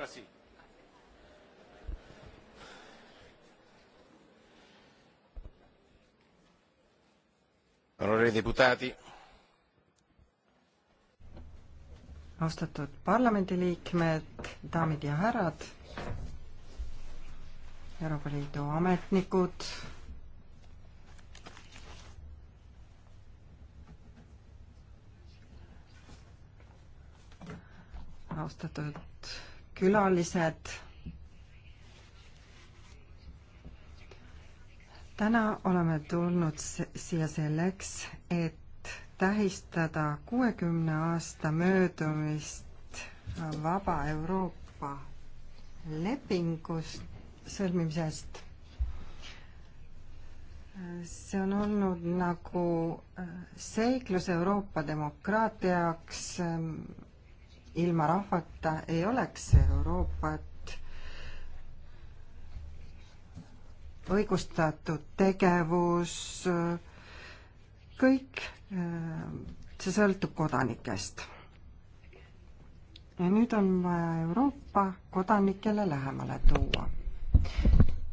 ahora sí. Onorevoli deputati. austatud parlamendiliikmed, daamid ja härrad, Euroopa Liidu ametnikud, austatud külalised. täna oleme tulnud siia selleks, et tähistada kuuekümne aasta möödumist Vaba Euroopa lepingust, sõlmimisest. see on olnud nagu äh, seiklus Euroopa demokraatia jaoks ilma rahvata ei oleks Euroopat õigustatud tegevus, kõik äh, see sõltub kodanikest. ja nüüd on vaja Euroopa kodanikele lähemale tuua.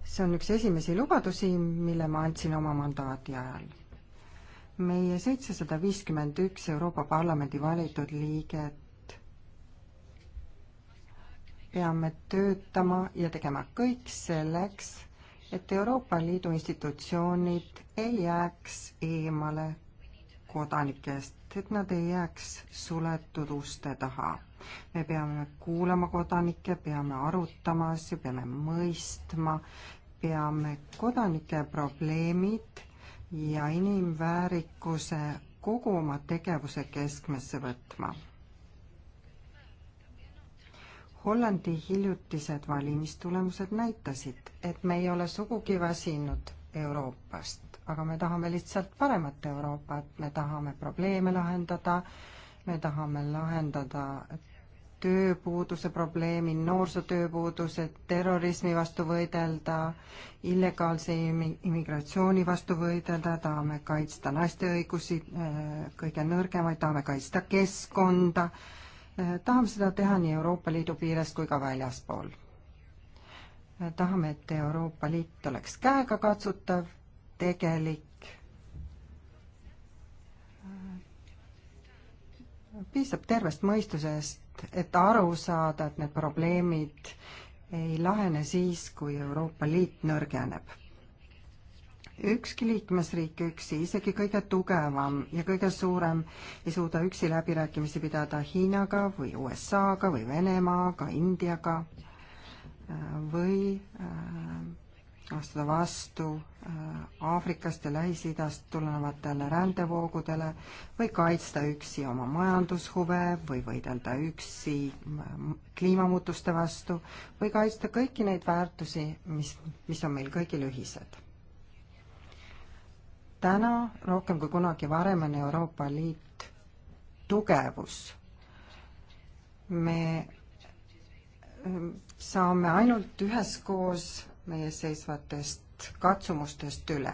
see on üks esimesi lubadusi, mille ma andsin oma mandaadi ajal. meie seitsesada viiskümmend üks Euroopa Parlamendi valitud liiget peame töötama ja tegema kõik selleks, et Euroopa Liidu institutsioonid ei jääks eemale kodanikest, et nad ei jääks suletud uste taha. me peame kuulama kodanikke, peame arutama asju, peame mõistma, peame kodanike probleemid ja inimväärikuse kogu oma tegevuse keskmesse võtma Hollandi hiljutised valimistulemused näitasid, et me ei ole sugugi väsinud Euroopast, aga me tahame lihtsalt paremat Euroopat, me tahame probleeme lahendada, me tahame lahendada tööpuuduse probleemi, noorsootööpuuduse, terrorismi vastu võidelda, illegaalse immigratsiooni vastu võidelda, tahame kaitsta naiste õigusi, äh, kõige nõrgemaid, tahame kaitsta keskkonda äh,, Eh, tahame seda teha nii Euroopa Liidu piires kui ka väljaspool. Eh, tahame, et Euroopa Liit oleks käegakatsutav, tegelik, eh, piisab tervest mõistusest, et aru saada, et need probleemid ei lahene siis, kui Euroopa Liit nõrgeneb ükski liikmesriik üksi, isegi kõige tugevam ja kõige suurem, ei suuda üksi läbirääkimisi pidada Hiinaga või USA-ga või Venemaaga, Indiaga äh, või äh, astuda vastu äh, Aafrikast ja Lähis-Idast tulenevatele rändevoogudele või kaitsta üksi oma majandushuve või võidelda üksi kliimamuutuste vastu või kaitsta kõiki neid väärtusi, mis, mis on meil kõigil ühised täna rohkem kui kunagi varem on Euroopa Liit tugevus. me ähm, saame ainult üheskoos meie seisvatest katsumustest üle.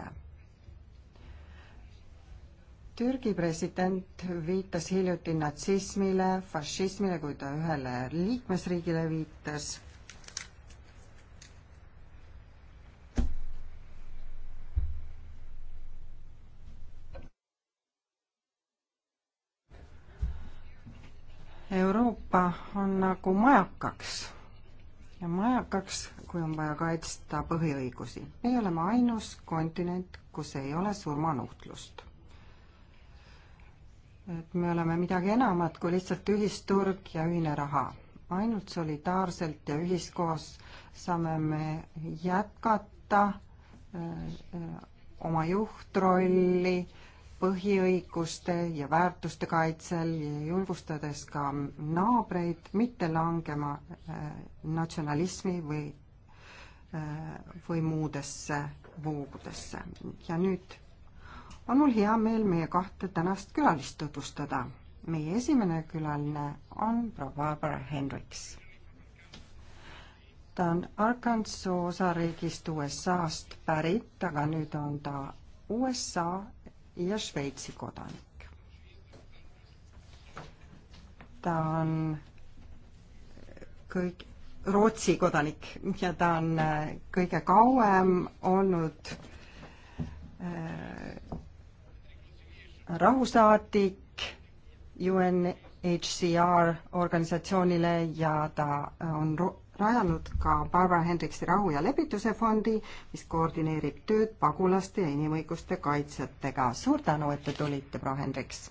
Türgi president viitas hiljuti natsismile, fašismile, kui ta ühele liikmesriigile viitas Euroopa on nagu majakaks ja majakaks, kui on vaja kaitsta põhiõigusi. meie oleme ainus kontinent, kus ei ole surmanuhtlust. et me oleme midagi enamat kui lihtsalt ühisturg ja ühine raha. ainult solidaarselt ja ühiskoos saame me jätkata öö, äh, öö, äh, oma juhtrolli põhiõiguste ja väärtuste kaitsel ja julgustades ka naabreid mitte langema äh, natsionalismi või, äh, või muudesse voogudesse. ja nüüd on mul hea meel meie kahte tänast külalist tutvustada. meie esimene külaline on proua Barbara Hendriks. ta on Arkansas osariigist USA-st pärit, aga nüüd on ta USA ja Šveitsi kodanik. ta on kõik Rootsi kodanik ja ta on äh, kõige kauem olnud äh, rahusaadik UNHCR organisatsioonile ja ta on rajanud ka Barbara Hendriksi Rahu ja Lepituse Fondi, mis koordineerib tööd pagulaste ja inimõiguste kaitsjatega. suur tänu, et te tulite, proua Hendriks!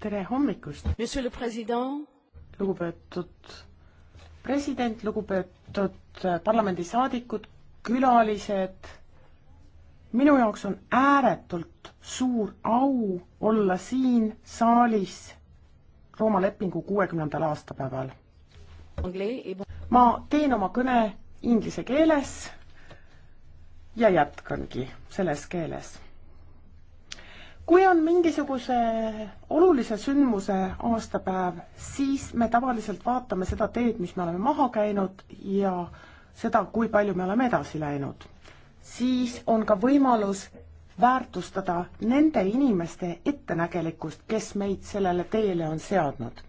tere hommikust! lugupeetud president, lugupeetud äh, parlamendisaadikud, külalised, minu jaoks on ääretult suur au olla siin saalis Rooma lepingu kuuekümnendal aastapäeval. ma teen oma kõne inglise keeles ja jätkangi selles keeles kui on mingisuguse olulise sündmuse aastapäev, siis me tavaliselt vaatame seda teed, mis me oleme maha käinud ja seda, kui palju me oleme edasi läinud. siis on ka võimalus väärtustada nende inimeste ettenägelikkust, kes meid sellele teele on seadnud.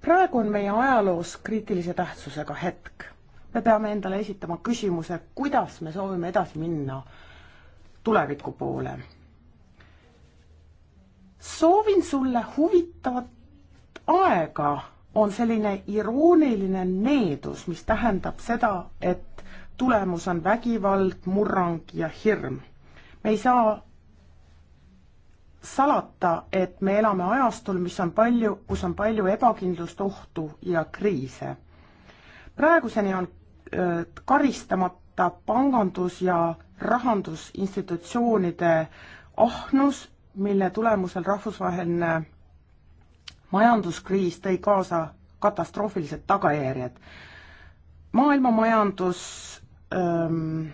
praegu on meie ajaloos kriitilise tähtsusega hetk. me peame endale esitama küsimuse, kuidas me soovime edasi minna tuleviku poole soovin sulle huvitavat aega, on selline irooniline needus, mis tähendab seda, et tulemus on vägivald, murrang ja hirm. me ei saa salata, et me elame ajastul, mis on palju, kus on palju ebakindlust, ohtu ja kriise. praeguseni on äh, karistamata pangandus ja rahandusinstitutsioonide ahnus mille tulemusel rahvusvaheline majanduskriis tõi kaasa katastroofilised tagajärjed. maailma majandus öö, ähm,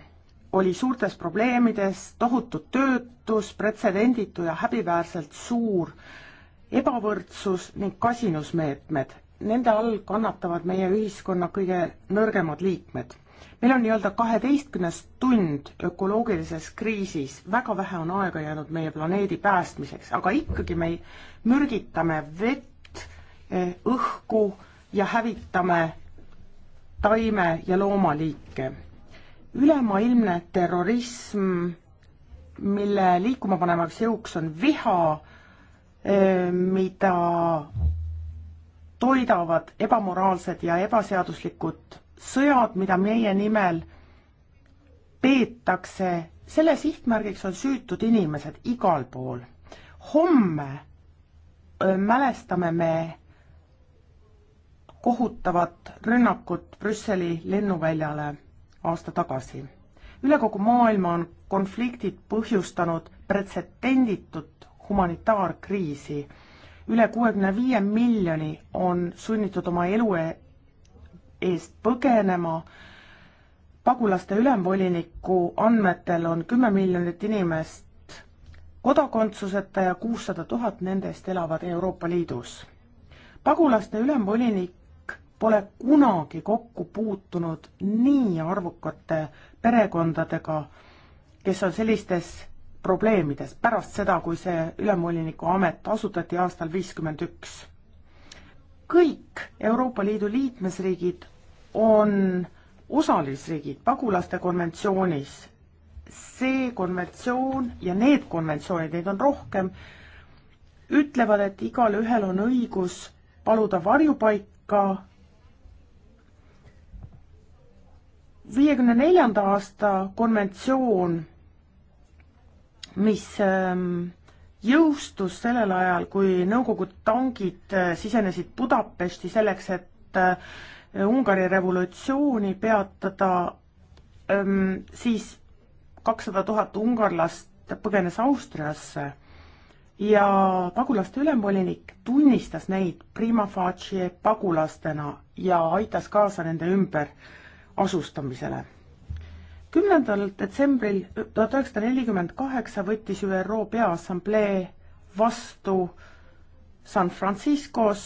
oli suurtes probleemides, tohutu töötus, pretsedenditu ja häbiväärselt suur ebavõrdsus ning kasinusmeetmed. Nende all kannatavad meie ühiskonna kõige nõrgemad liikmed meil on nii-öelda kaheteistkümnes tund ökoloogilises kriisis, väga vähe on aega jäänud meie planeedi päästmiseks, aga ikkagi me mürgitame vett, eh, õhku ja hävitame taime- ja loomaliike. ülemaailmne terrorism, mille liikuma panevaks jõuks on viha, eh, mida toidavad ebamoraalsed ja ebaseaduslikud sõjad, mida meie nimel peetakse, selle sihtmärgiks on süütud inimesed igal pool. homme mälestame me kohutavat rünnakut Brüsseli lennuväljale aasta tagasi. üle kogu maailma on konfliktid põhjustanud pretsedenditut humanitaarkriisi. üle kuuekümne viie miljoni on sunnitud oma elu e- eest põgenema. pagulaste ülemvoliniku andmetel on kümme miljonit inimest kodakondsuseta ja kuussada tuhat nendest elavad Euroopa Liidus. pagulaste ülemvolinik pole kunagi kokku puutunud nii arvukate perekondadega, kes on sellistes probleemides pärast seda, kui see ülemvoliniku amet asutati aastal viiskümmend üks. kõik Euroopa Liidu liikmesriigid on osalisriigid pagulaste konventsioonis. see konventsioon ja need konventsioonid, neid on rohkem, ütlevad, et igalühel on õigus paluda varjupaika viiekümne neljanda aasta konventsioon, mis ähm, jõustus sellel ajal, kui Nõukogude tangid äh, sisenesid Budapesti selleks, et äh, Äh, Ungari revolutsiooni peatada, ähm, siis kakssada tuhat ungarlast põgenes Austriasse ja pagulaste ülemvolinik tunnistas neid prima facie pagulastena ja aitas kaasa nende ümberasustamisele. Kümnendal detsembril tuhat üheksasada nelikümmend kaheksa võttis ÜRO Peaassamblee vastu San Franciscos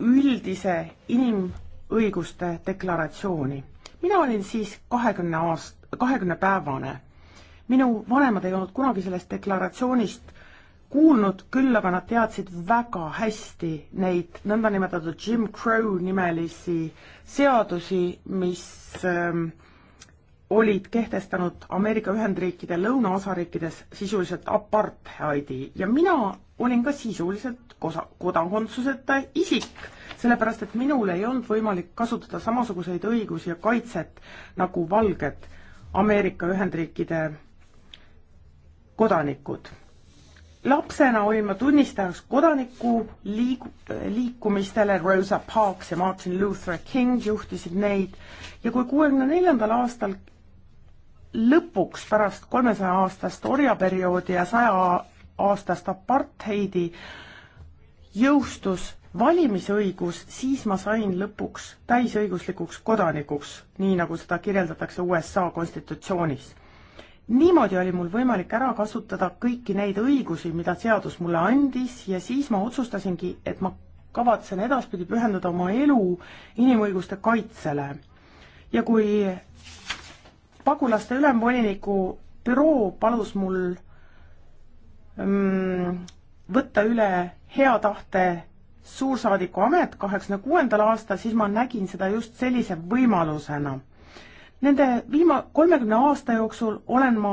üldise inimõiguste deklaratsiooni. mina olin siis kahekümne aast-, kahekümnepäevane. minu vanemad ei olnud kunagi sellest deklaratsioonist kuulnud, küll aga nad teadsid väga hästi neid nõndanimetatud Jim Crow nimelisi seadusi, mis ähm, olid kehtestanud Ameerika Ühendriikide lõunaosariikides sisuliselt apartheidi ja mina olin ka sisuliselt kosa, kodakondsuseta isik, sellepärast et minul ei olnud võimalik kasutada samasuguseid õigusi ja kaitset nagu valged Ameerika Ühendriikide kodanikud. lapsena olin ma tunnistajaks kodaniku liig-, liikumistele, Rosa Parks ja Martin Luther King juhtisid neid ja kui kuuekümne neljandal aastal lõpuks pärast kolmesaja aastast orjaperioodi ja saja aastast apartheidi jõustus valimisõigus, siis ma sain lõpuks täisõiguslikuks kodanikuks, nii nagu seda kirjeldatakse USA konstitutsioonis. niimoodi oli mul võimalik ära kasutada kõiki neid õigusi, mida seadus mulle andis ja siis ma otsustasingi, et ma kavatsen edaspidi pühendada oma elu inimõiguste kaitsele. ja kui pagulaste ülemvoliniku büroo palus mul mm, võtta üle hea tahte suursaadiku amet kaheksakümne kuuendal aastal, siis ma nägin seda just sellise võimalusena. Nende viima-, kolmekümne aasta jooksul olen ma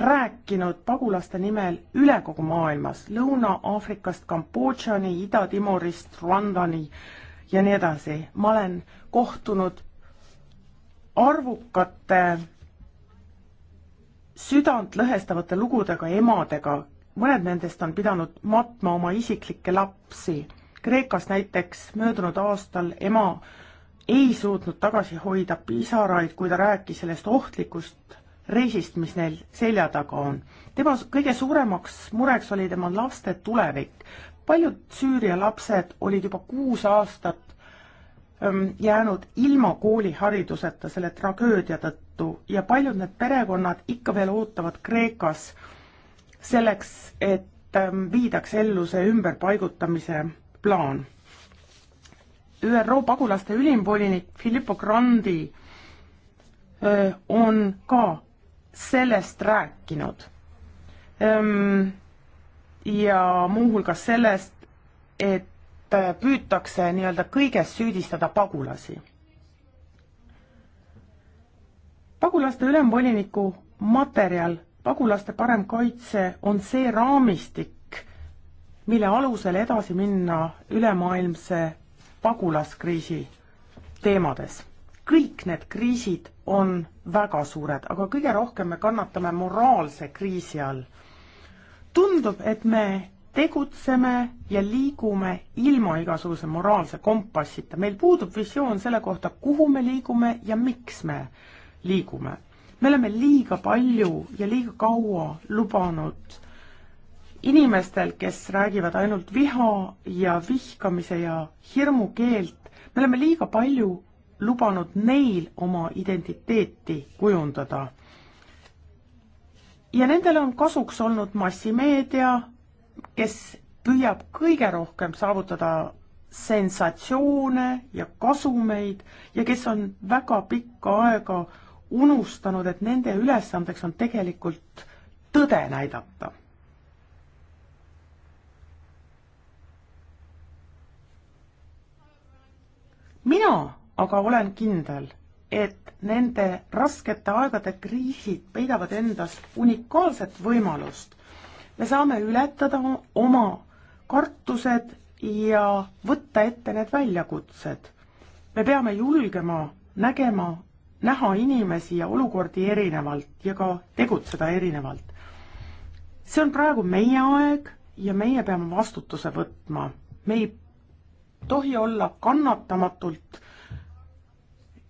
rääkinud pagulaste nimel üle kogu maailmas, Lõuna-Aafrikast Kambodžani, Ida-Timorist Rwandani ja nii edasi. ma olen kohtunud arvukate südantlõhestavate lugudega emadega, mõned nendest on pidanud matma oma isiklikke lapsi. Kreekas näiteks möödunud aastal ema ei suutnud tagasi hoida pisaraid, kui ta rääkis sellest ohtlikust reisist, mis neil selja taga on. tema kõige suuremaks mureks oli tema laste tulevik. paljud Süüria lapsed olid juba kuus aastat ähm, jäänud ilma koolihariduseta selle tragöödia tõttu tõttu ja paljud need perekonnad ikka veel ootavad Kreekas selleks, et ähm, viidaks ellu see ümberpaigutamise plaan. ÜRO pagulaste ülimvolinik Filippo Grandi on ka sellest rääkinud. ja muuhulgas sellest, et äh, püütakse nii-öelda kõiges süüdistada pagulasi pagulaste ülemvoliniku materjal, pagulaste parem kaitse on see raamistik, mille alusel edasi minna ülemaailmse pagulaskriisi teemades. kõik need kriisid on väga suured, aga kõige rohkem me kannatame moraalse kriisi all. tundub, et me tegutseme ja liigume ilma igasuguse moraalse kompassita, meil puudub visioon selle kohta, kuhu me liigume ja miks me liigume. me oleme liiga palju ja liiga kaua lubanud inimestel, kes räägivad ainult viha ja vihkamise ja hirmu keelt, me oleme liiga palju lubanud neil oma identiteeti kujundada. ja nendele on kasuks olnud massimeedia, kes püüab kõige rohkem saavutada sensatsioone ja kasumeid ja kes on väga pikka aega unustanud, et nende ülesandeks on tegelikult tõde näidata. mina aga olen kindel, et nende raskete aegade kriisid peidavad endas unikaalset võimalust. me saame ületada oma kartused ja võtta ette need väljakutsed. me peame julgema nägema näha inimesi ja olukordi erinevalt ja ka tegutseda erinevalt. see on praegu meie aeg ja meie peame vastutuse võtma. me ei tohi olla kannatamatult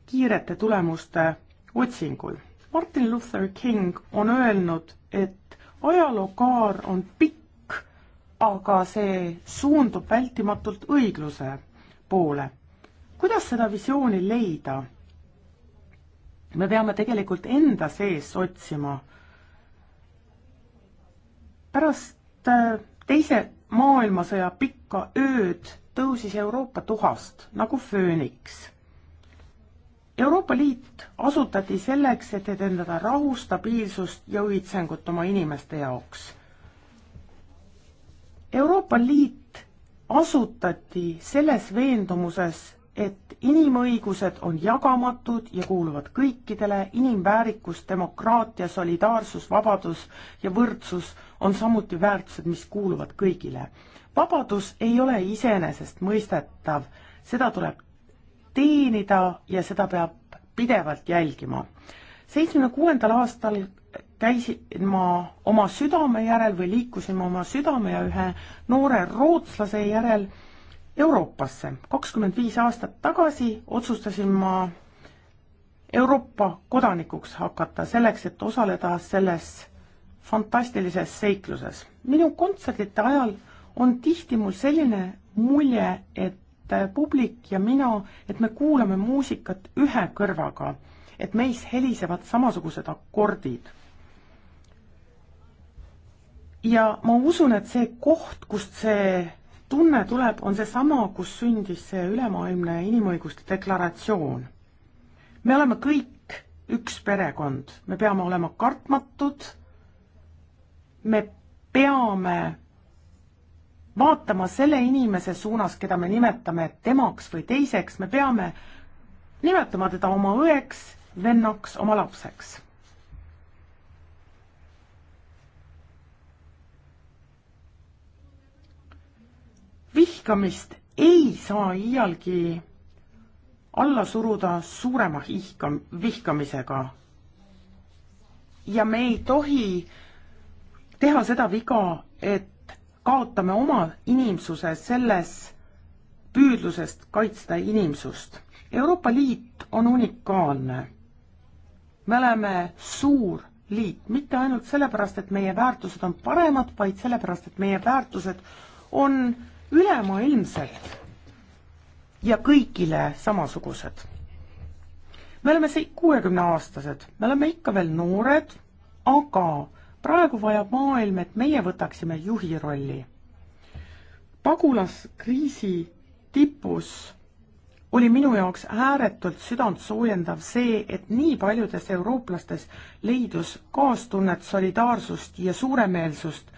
kiirete tulemuste otsingul. Martin Luther King on öelnud, et ajalookaar on pikk, aga see suundub vältimatult õigluse poole. kuidas seda visiooni leida? me peame tegelikult enda sees otsima. pärast äh, teise maailmasõja pikka ööd tõusis Euroopa tuhast nagu fööniks. Euroopa Liit asutati selleks, et edendada rahu, stabiilsust ja õitsengut oma inimeste jaoks. Euroopa Liit asutati selles veendumuses, et inimõigused on jagamatud ja kuuluvad kõikidele, inimväärikus, demokraatia, solidaarsus, vabadus ja võrdsus on samuti väärtused, mis kuuluvad kõigile. vabadus ei ole iseenesestmõistetav, seda tuleb teenida ja seda peab pidevalt jälgima. seitsmekümne kuuendal aastal käisin ma oma südame järel või liikusin ma oma südame ja ühe noore rootslase järel Euroopasse. kakskümmend viis aastat tagasi otsustasin ma Euroopa kodanikuks hakata, selleks et osaleda selles fantastilises seikluses. minu kontsertide ajal on tihti mul selline mulje, et publik ja mina, et me kuulame muusikat ühe kõrvaga, et meis helisevad samasugused akordid ja ma usun, et see koht, kust see tunne tuleb, on seesama, kus sündis see ülemaailmne inimõiguste deklaratsioon. me oleme kõik üks perekond, me peame olema kartmatud, me peame vaatama selle inimese suunas, keda me nimetame temaks või teiseks, me peame nimetama teda oma õeks, vennaks, oma lapseks vihkamist ei saa iialgi alla suruda suurema hihka, vihkamisega. ja me ei tohi teha seda viga, et kaotame oma inimsuse selles püüdlusest kaitsta inimsust. Euroopa Liit on unikaalne. me oleme suur liit, mitte ainult sellepärast, et meie väärtused on paremad, vaid sellepärast, et meie väärtused on ülemaailmsed ja kõigile samasugused. me oleme kuuekümneaastased, me oleme ikka veel noored, aga praegu vajab maailm, et meie võtaksime juhi rolli. pagulaskriisi tipus oli minu jaoks ääretult südantsoojendav see, et nii paljudes eurooplastes leidus kaastunnet, solidaarsust ja suuremeelsust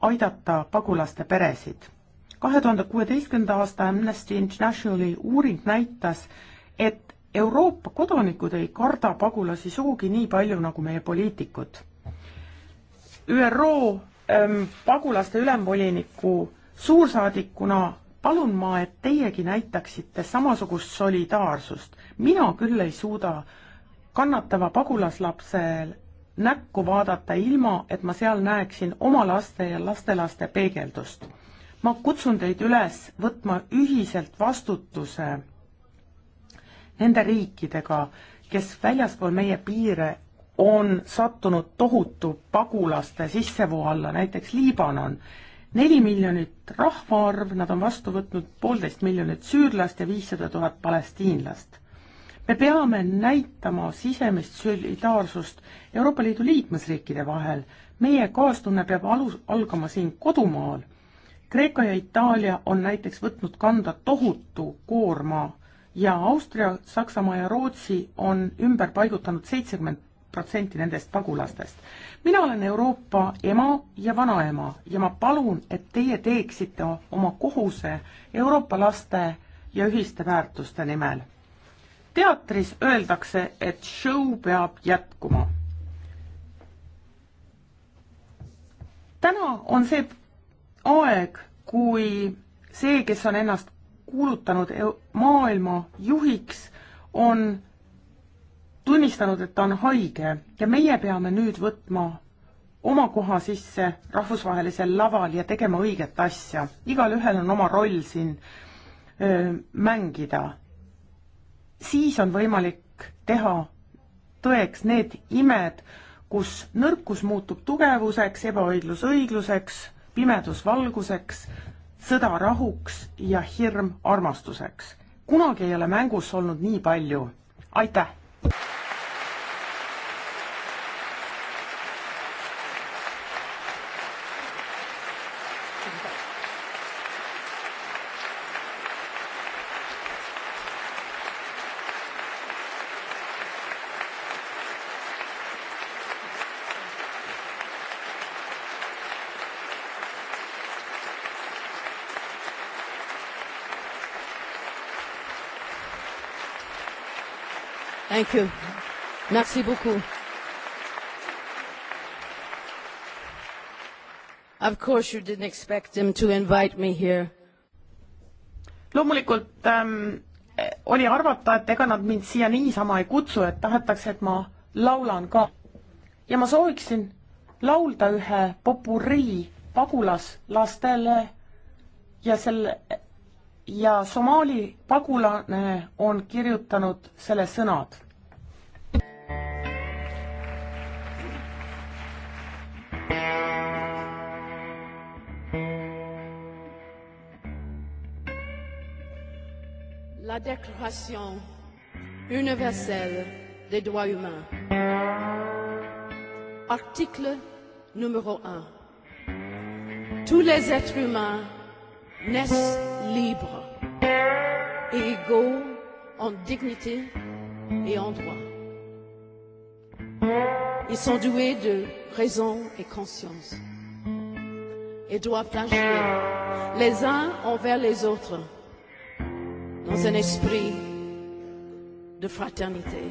aidata pagulaste peresid kahe tuhande kuueteistkümnenda aasta Amnesty Internationali uuring näitas, et Euroopa kodanikud ei karda pagulasi sugugi nii palju, nagu meie poliitikud. ÜRO ähm, pagulaste ülemvoliniku suursaadikuna palun ma, et teiegi näitaksite samasugust solidaarsust. mina küll ei suuda kannatava pagulaslapsel näkku vaadata, ilma et ma seal näeksin oma laste ja lastelaste peegeldust ma kutsun teid üles võtma ühiselt vastutuse nende riikidega, kes väljaspool meie piire on sattunud tohutu pagulaste sissevoo alla, näiteks Liibanon. neli miljonit rahvaarv, nad on vastu võtnud poolteist miljonit süürlast ja viissada tuhat palestiinlast. me peame näitama sisemist solidaarsust Euroopa Liidu liikmesriikide vahel. meie kaastunne peab alus, algama siin kodumaal Kreeka ja Itaalia on näiteks võtnud kanda tohutu koorma ja Austria, Saksamaa ja Rootsi on ümber paigutanud seitsekümmend protsenti nendest pagulastest. mina olen Euroopa ema ja vanaema ja ma palun, et teie teeksite oma kohuse Euroopa laste ja ühiste väärtuste nimel. teatris öeldakse, et show peab jätkuma. täna on see aeg, kui see, kes on ennast kuulutanud maailma juhiks, on tunnistanud, et ta on haige ja meie peame nüüd võtma oma koha sisse rahvusvahelisel laval ja tegema õiget asja. igalühel on oma roll siin öö, mängida. siis on võimalik teha tõeks need imed, kus nõrkus muutub tugevuseks, ebaõiglus õigluseks pimedus valguseks, sõda rahuks ja hirm armastuseks. kunagi ei ole mängus olnud nii palju. aitäh! Thank you. Merci beaucoup. Of course you didn't expect them to invite me here. loomulikult ähm, oli arvata, et ega nad mind siia niisama ei kutsu, et tahetakse, et ma laulan ka. ja ma sooviksin laulda ühe popurii pagulaslastele ja selle ja Somaali pagulane on kirjutanud selle sõnad Déclaration universelle des droits humains. Article numéro 1. Tous les êtres humains naissent libres et égaux en dignité et en droit. Ils sont doués de raison et conscience et doivent agir les uns envers les autres dans un esprit de fraternité.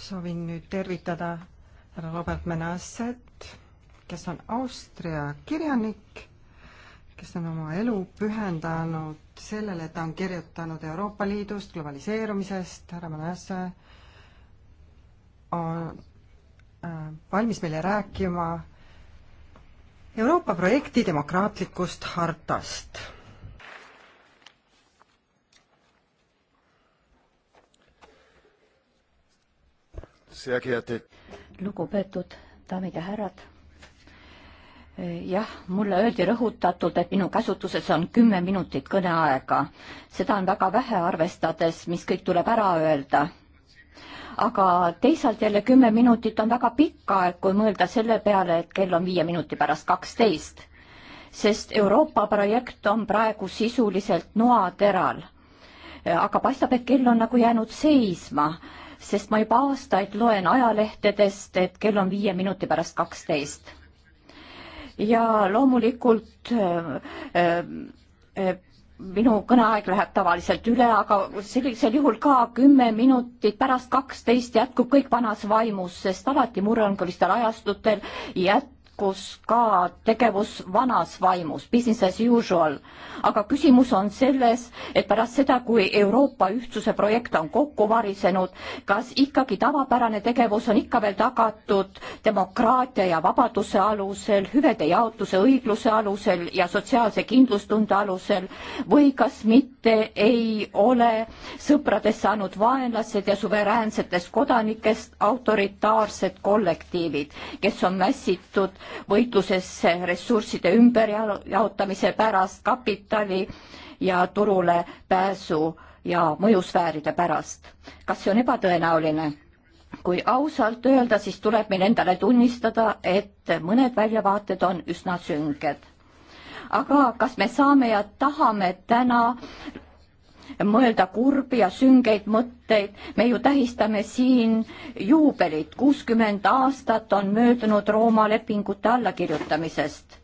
soovin nüüd tervitada härra Robert Menasset, kes on Austria kirjanik, kes on oma elu pühendanud sellele, et ta on kirjutanud Euroopa Liidust, globaliseerumisest, härra Menasse on äh, valmis meile rääkima Euroopa projekti demokraatlikust hartast lugupeetud daamid ja härrad. jah, mulle öeldi rõhutatult, et minu käsutuses on kümme minutit kõneaega. seda on väga vähe, arvestades, mis kõik tuleb ära öelda. aga teisalt jälle kümme minutit on väga pikk aeg, kui mõelda selle peale, et kell on viie minuti pärast kaksteist. sest Euroopa projekt on praegu sisuliselt noateral. aga paistab, et kell on nagu jäänud seisma sest ma juba aastaid loen ajalehtedest, et kell on viie minuti pärast kaksteist. ja loomulikult äh, äh, äh, minu kõneaeg läheb tavaliselt üle, aga sellisel juhul ka kümme minutit pärast kaksteist jätkub kõik vanas vaimus, sest alati mure on ka vist ajastutel jät-, jätkus ka tegevus vanas vaimus, business as usual. aga küsimus on selles, et pärast seda, kui Euroopa ühtsuse projekt on kokku varisenud, kas ikkagi tavapärane tegevus on ikka veel tagatud demokraatia ja vabaduse alusel, hüvede jaotuse õigluse alusel ja sotsiaalse kindlustunde alusel või kas mitte ei ole sõpradest saanud vaenlased ja suveräänsetest kodanikest autoritaarsed kollektiivid, kes on mässitud võitlusesse ressursside ümberjaotamise pärast, kapitali ja turule pääsu ja mõjusfääride pärast. kas see on ebatõenäoline? kui ausalt öelda, siis tuleb meil endale tunnistada, et mõned väljavaated on üsna sünged. aga kas me saame ja tahame täna mõelda kurbi ja süngeid mõtteid. me ju tähistame siin juubelit, kuuskümmend aastat on möödunud Rooma lepingute allakirjutamisest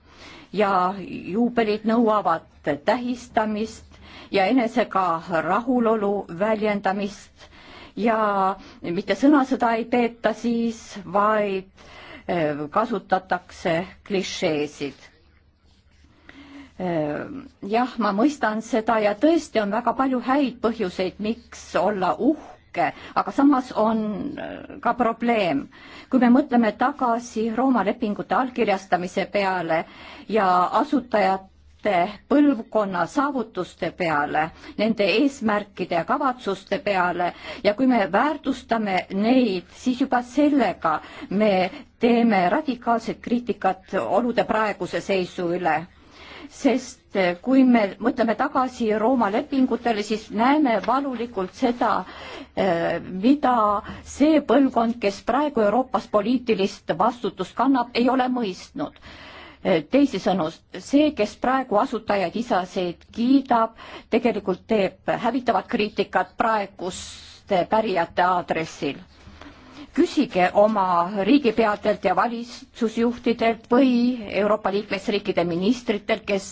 ja juubelid nõuavad tähistamist ja enesega rahulolu väljendamist ja mitte sõnasõda ei peeta siis, vaid eh, kasutatakse klišeesid jah, ma mõistan seda ja tõesti on väga palju häid põhjuseid, miks olla uhke, aga samas on äh, ka probleem. kui me mõtleme tagasi Rooma lepingute allkirjastamise peale ja asutajate põlvkonna saavutuste peale, nende eesmärkide ja kavatsuste peale ja kui me väärtustame neid, siis juba sellega me teeme radikaalset kriitikat olude praeguse seisu üle sest eh, kui me mõtleme tagasi Rooma lepingutele, siis näeme valulikult seda, eh, mida see põlvkond, kes praegu Euroopas poliitilist vastutust kannab, ei ole mõistnud eh, teisisõnu, see, kes praegu asutajaid isasid kiidab, tegelikult teeb hävitavat kriitikat praeguste pärijate aadressil küsige oma riigipeadelt ja valitsusjuhtidelt või Euroopa liikmesriikide ministritelt, kes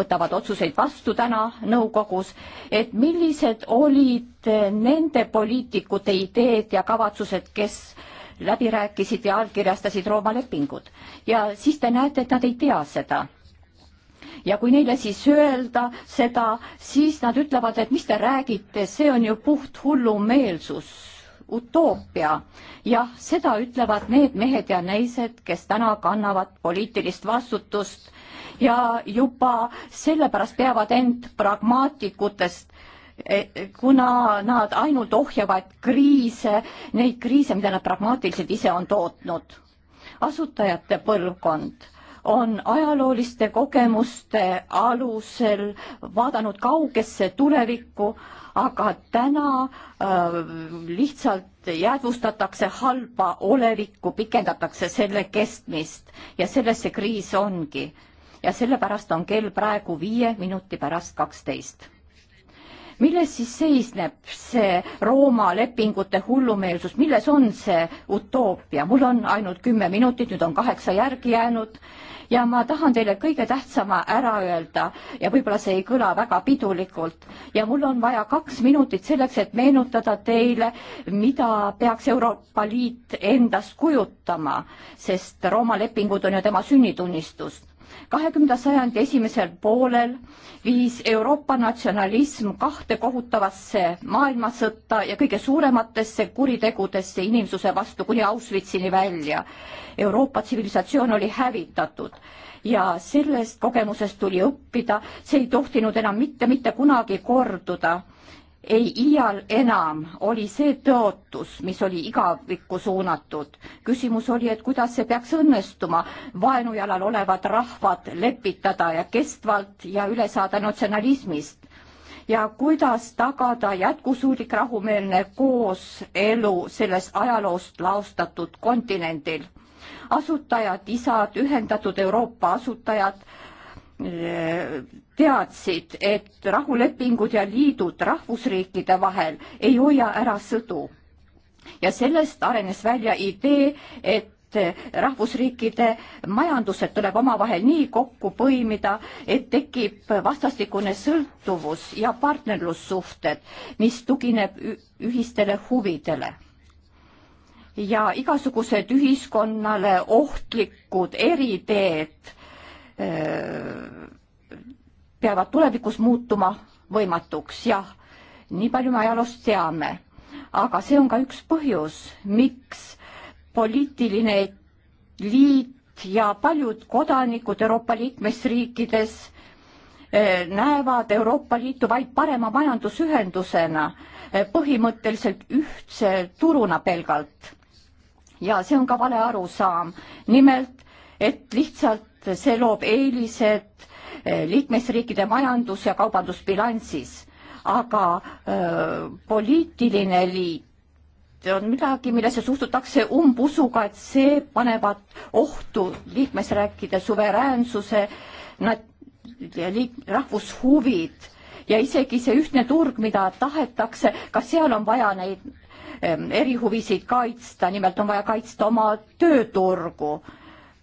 võtavad otsuseid vastu täna nõukogus, et millised olid nende poliitikute ideed ja kavatsused, kes läbi rääkisid ja allkirjastasid Rooma lepingud. ja siis te näete, et nad ei tea seda ja kui neile siis öelda seda, siis nad ütlevad, et mis te räägite, see on ju puht hullumeelsus utoopia. jah, seda ütlevad need mehed ja naised, kes täna kannavad poliitilist vastutust ja juba sellepärast peavad end pragmaatikutest e, e, kuna nad ainult ohjavad kriise, neid kriise, mida nad pragmaatiliselt ise on tootnud. asutajate põlvkond on ajalooliste kogemuste alusel vaadanud kaugesse tulevikku, aga täna äh, lihtsalt jäädvustatakse halba olevikku, pikendatakse selle kestmist ja selles see kriis ongi. ja sellepärast on kell praegu viie minuti pärast kaksteist milles siis seisneb see Rooma lepingute hullumeelsus, milles on see utoopia? mul on ainult kümme minutit, nüüd on kaheksa järgi jäänud ja ma tahan teile kõige tähtsama ära öelda ja võib-olla see ei kõla väga pidulikult ja mul on vaja kaks minutit selleks, et meenutada teile, mida peaks Euroopa Liit endast kujutama, sest Rooma lepingud on ju tema sünnitunnistus kahekümnenda sajandi esimesel poolel viis Euroopa natsionalism kahte kohutavasse maailmasõtta ja kõige suurematesse kuritegudesse inimsuse vastu kuni Auschwitzini välja. Euroopa tsivilisatsioon oli hävitatud ja sellest kogemusest tuli õppida, see ei tohtinud enam mitte, mitte kunagi korduda ei iial enam, oli see tõotus, mis oli igavikku suunatud. küsimus oli, et kuidas see peaks õnnestuma, vaenujalal olevad rahvad lepitada ja kestvalt ja üle saada natsionalismist ja kuidas tagada jätkusuutlik rahumeelne kooselu selles ajaloost laostatud kontinendil. asutajad, isad, ühendatud Euroopa asutajad Eh, teadsid, et rahulepingud ja liidud rahvusriikide vahel ei hoia ära sõdu. ja sellest arenes välja idee, et rahvusriikide majandused tuleb omavahel nii kokku põimida, et tekib vastastikune sõltuvus ja partnerlussuhted, mis tugineb ühistele huvidele ja igasugused ühiskonnale ohtlikud eriteed Äh, peavad tulevikus muutuma võimatuks, jah, nii palju me ajaloost teame. aga see on ka üks põhjus, miks poliitiline liit ja paljud kodanikud Euroopa liikmesriikides äh, näevad Euroopa Liitu vaid parema majandusühendusena, äh, põhimõtteliselt ühtse turuna pelgalt. ja see on ka vale arusaam. nimelt, et lihtsalt et see loob eelised eh, liikmesriikide majandus- ja kaubandusbilansis, aga öö, eh, poliitiline liit on midagi, millesse suhtutakse umbusuga, et see panevat ohtu liikmesriikide suveräänsuse, nad, liik-, rahvushuvid ja isegi see ühtne turg, mida tahetakse, ka seal on vaja neid erihuvisid kaitsta, nimelt on vaja kaitsta oma tööturgu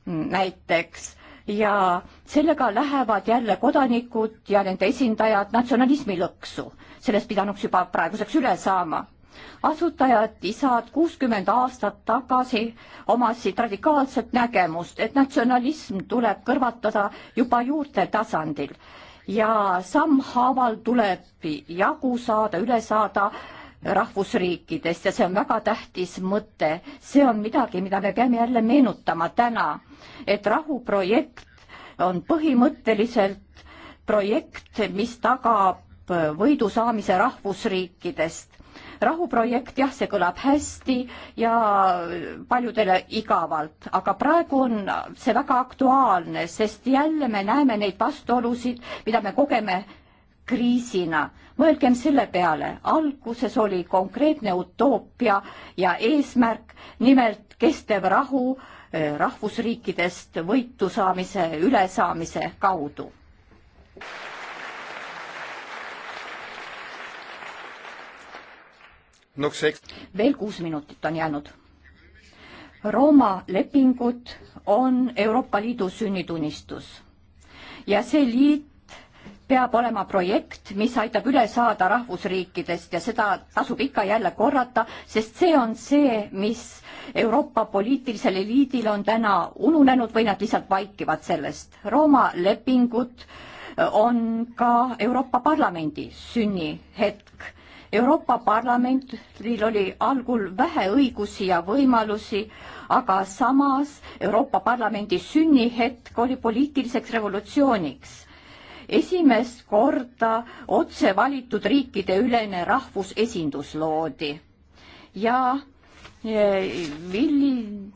näiteks ja sellega lähevad jälle kodanikud ja nende esindajad natsionalismi lõksu. sellest pidanuks juba praeguseks üle saama. asutajad, isad kuuskümmend aastat tagasi omasid radikaalset nägemust, et natsionalism tuleb kõrvatada juba juurte tasandil ja sammhaaval tuleb jagu saada, üle saada äh, rahvusriikidest ja see on väga tähtis mõte. see on midagi, mida me peame jälle meenutama täna, et rahuprojekt on põhimõtteliselt projekt, mis tagab võidu saamise rahvusriikidest. rahuprojekt, jah, see kõlab hästi ja paljudele igavalt, aga praegu on see väga aktuaalne, sest jälle me näeme neid vastuolusid, mida me kogeme kriisina mõelgem selle peale, alguses oli konkreetne utoopia ja eesmärk, nimelt kestev rahu eh, rahvusriikidest võitu saamise, ülesaamise kaudu. Noh, veel kuus minutit on jäänud. Rooma lepingud on Euroopa Liidu sünnitunnistus ja see liit peab olema projekt, mis aitab üle saada rahvusriikidest ja seda tasub ikka jälle korrata, sest see on see, mis Euroopa poliitilisel eliidil on täna ununenud või nad lihtsalt vaikivad sellest. Rooma lepingud äh, on ka Euroopa Parlamendi sünnihetk. Euroopa Parlamendil oli algul vähe õigusi ja võimalusi, aga samas Euroopa Parlamendi sünnihetk oli poliitiliseks revolutsiooniks esimest korda otse valitud riikide ülene rahvusesindus loodi ja e, milline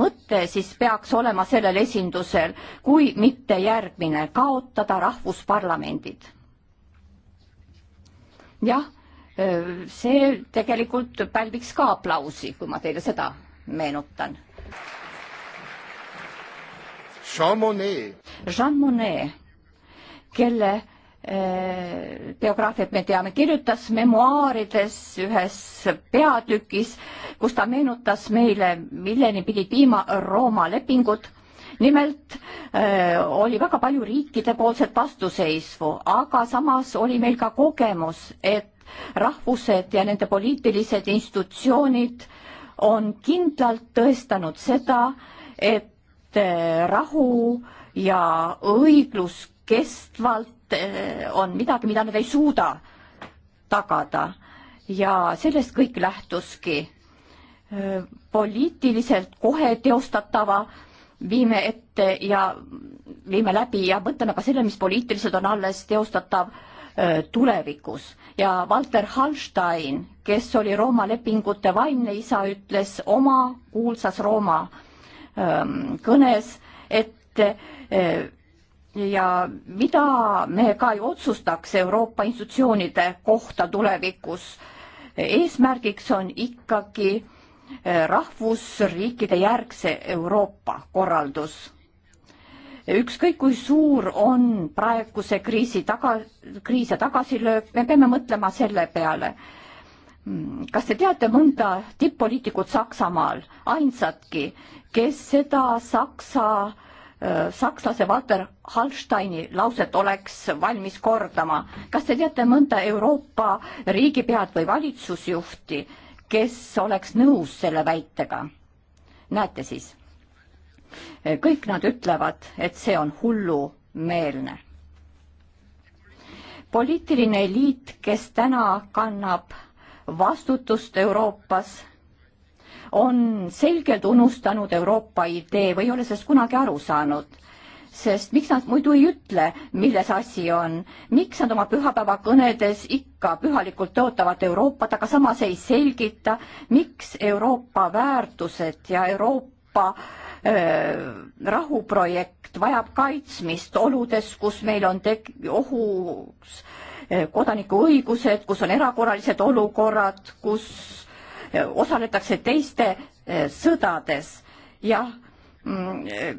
mõte siis peaks olema sellel esindusel, kui mitte järgmine, kaotada rahvusparlamendid? jah, e, see tegelikult pälviks ka aplausi, kui ma teile seda meenutan. Jean Monnet. Jean Monnet kelle eh, biograafiat me teame, kirjutas memuaarides ühes peatükis, kus ta meenutas meile, milleni pidid viima Rooma lepingud. nimelt öö, eh, oli väga palju riikidepoolset vastuseisvu, aga samas oli meil ka kogemus, et rahvused ja nende poliitilised institutsioonid on kindlalt tõestanud seda, et eh, rahu ja õiglus kestvalt eh, on midagi, mida nad ei suuda tagada ja sellest kõik lähtuski. Eh, poliitiliselt kohe teostatava viime ette ja viime läbi ja mõtleme ka selle, mis poliitiliselt on alles teostatav eh, tulevikus ja Walter Hallstein, kes oli Rooma lepingute vaimne isa, ütles oma kuulsas Rooma ehm, kõnes, et ja mida me ka ju otsustaks Euroopa institutsioonide kohta tulevikus, eesmärgiks on ikkagi eh, rahvusriikide järgse Euroopa korraldus. ükskõik kui suur on praeguse kriisi taga, kriis ja tagasilöök, me peame mõtlema selle peale. Hmm, kas te teate mõnda tipp-poliitikut Saksamaal, ainsatki, kes seda Saksa sakslase Walter Hallsteini lauset oleks valmis kordama. kas te teate mõnda Euroopa riigipead või valitsusjuhti, kes oleks nõus selle väitega? näete siis, kõik nad ütlevad, et see on hullumeelne. poliitiline eliit, kes täna kannab vastutust Euroopas on selgelt unustanud Euroopa idee või ei ole sellest kunagi aru saanud. sest miks nad muidu ei ütle, milles asi on, miks nad oma pühapäevakõnedes ikka pühalikult tõotavad Euroopat, aga samas ei selgita, miks Euroopa väärtused ja Euroopa öö, rahuprojekt vajab kaitsmist oludes, kus meil on teg-, ohus kodanikuõigused, kus on erakorralised olukorrad, kus osaletakse teiste eh, sõdades. jah, mm, eh,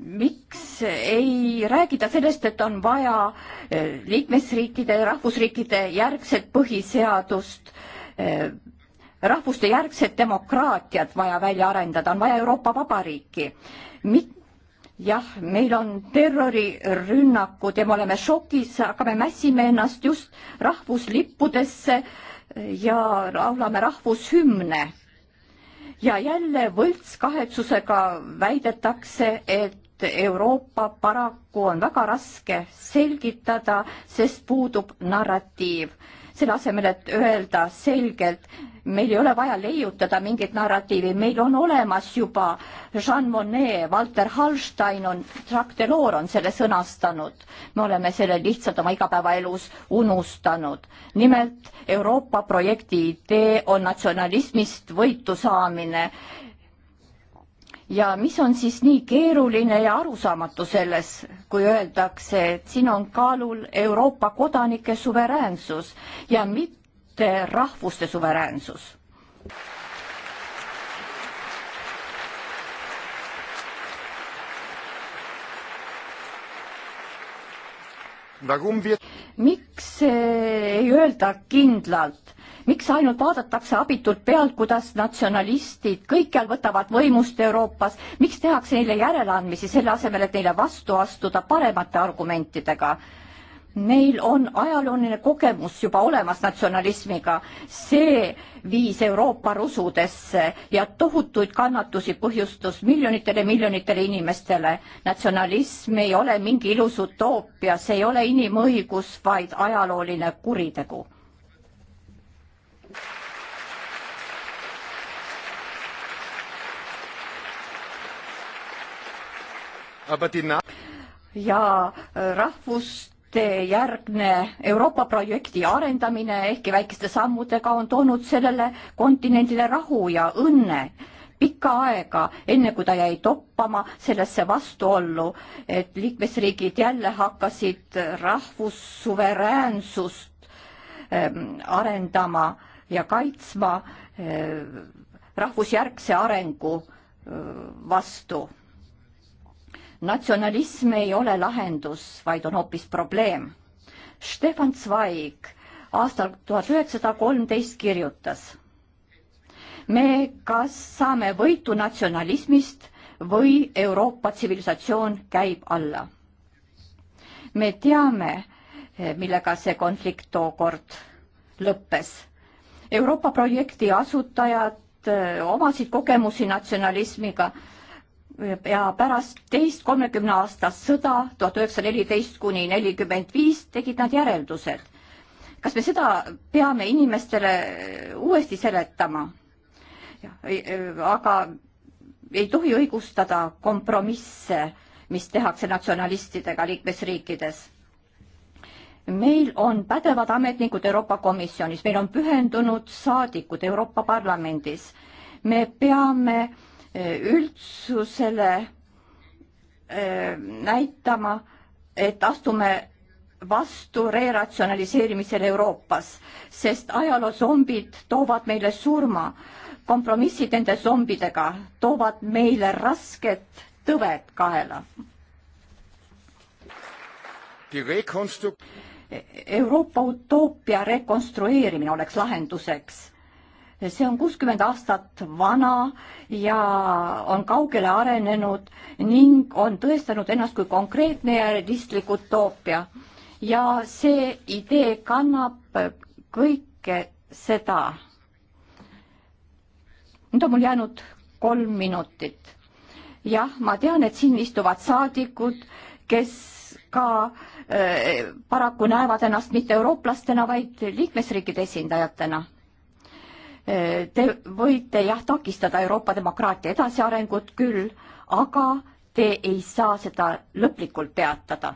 miks ei räägida sellest, et on vaja eh, liikmesriikide, rahvusriikide järgset põhiseadust, rahvuste järgset demokraatiat vaja välja arendada, on vaja Euroopa Vabariiki. jah, meil on terrorirünnakud ja me oleme šokis, aga me mässime ennast just rahvuslippudesse ja laulame rahvushümne. ja jälle võlts kahetsusega väidetakse, et Euroopa paraku on väga raske selgitada, sest puudub narratiiv. selle asemel, et öelda selgelt, meil ei ole vaja leiutada mingit narratiivi, meil on olemas juba Jean Monnet, Walter Hallstein on, Jacques Delors on selle sõnastanud. me oleme selle lihtsalt oma igapäevaelus unustanud. nimelt Euroopa projekti idee on natsionalismist võitu saamine. ja mis on siis nii keeruline ja arusaamatu selles, kui öeldakse, et siin on kaalul Euroopa kodanike suveräänsus ja mitte erinevate rahvuste suveräänsus. miks ei öelda kindlalt, miks ainult vaadatakse abitult pealt, kuidas natsionalistid kõikjal võtavad võimust Euroopas, miks tehakse neile järeleandmisi selle asemel, et neile vastu astuda paremate argumentidega? Neil on ajalooline kogemus juba olemas natsionalismiga, see viis Euroopa rusudesse ja tohutuid kannatusi põhjustus miljonitele, miljonitele inimestele. natsionalism ei ole mingi ilus utoopia, see ei ole inimõigus, vaid ajalooline kuritegu. ja äh, rahvus järgne Euroopa projekti arendamine, ehkki väikeste sammudega, on toonud sellele kontinendile rahu ja õnne pikka aega, enne kui ta jäi toppama sellesse vastuollu, et liikmesriigid jälle hakkasid rahvussuveräänsust ähm, arendama ja kaitsma äh, rahvusjärgse arengu äh, vastu natsionalism ei ole lahendus, vaid on hoopis probleem. Stefan Zweig aastal tuhat üheksasada kolmteist kirjutas. me kas saame võitu natsionalismist või Euroopa tsivilisatsioon käib alla. me teame, millega see konflikt tookord lõppes. Euroopa projekti asutajad eh, omasid kogemusi natsionalismiga ja pärast teist kolmekümne aastast sõda tuhat üheksasada neliteist kuni nelikümmend viis tegid nad järeldused. kas me seda peame inimestele uuesti seletama? E, e, aga ei tohi õigustada kompromisse, mis tehakse natsionalistidega liikmesriikides meil on pädevad ametnikud Euroopa Komisjonis, meil on pühendunud saadikud Euroopa Parlamendis. me peame üldsusele näitama, et astume vastu reratsionaliseerimisele Euroopas, sest ajaloo zombid toovad meile surma. kompromissid nende zombidega toovad meile rasked tõved kaela. Euroopa utoopia rekonstrueerimine oleks lahenduseks see on kuuskümmend aastat vana ja on kaugele arenenud ning on tõestanud ennast kui konkreetne ja realistlik utoopia. ja see idee kannab kõike seda. nüüd on mul jäänud kolm minutit. jah, ma tean, et siin istuvad saadikud, kes ka äh, paraku näevad ennast mitte eurooplastena, vaid liikmesriikide esindajatena Te võite jah takistada Euroopa demokraatia edasiarengut küll, aga te ei saa seda lõplikult peatada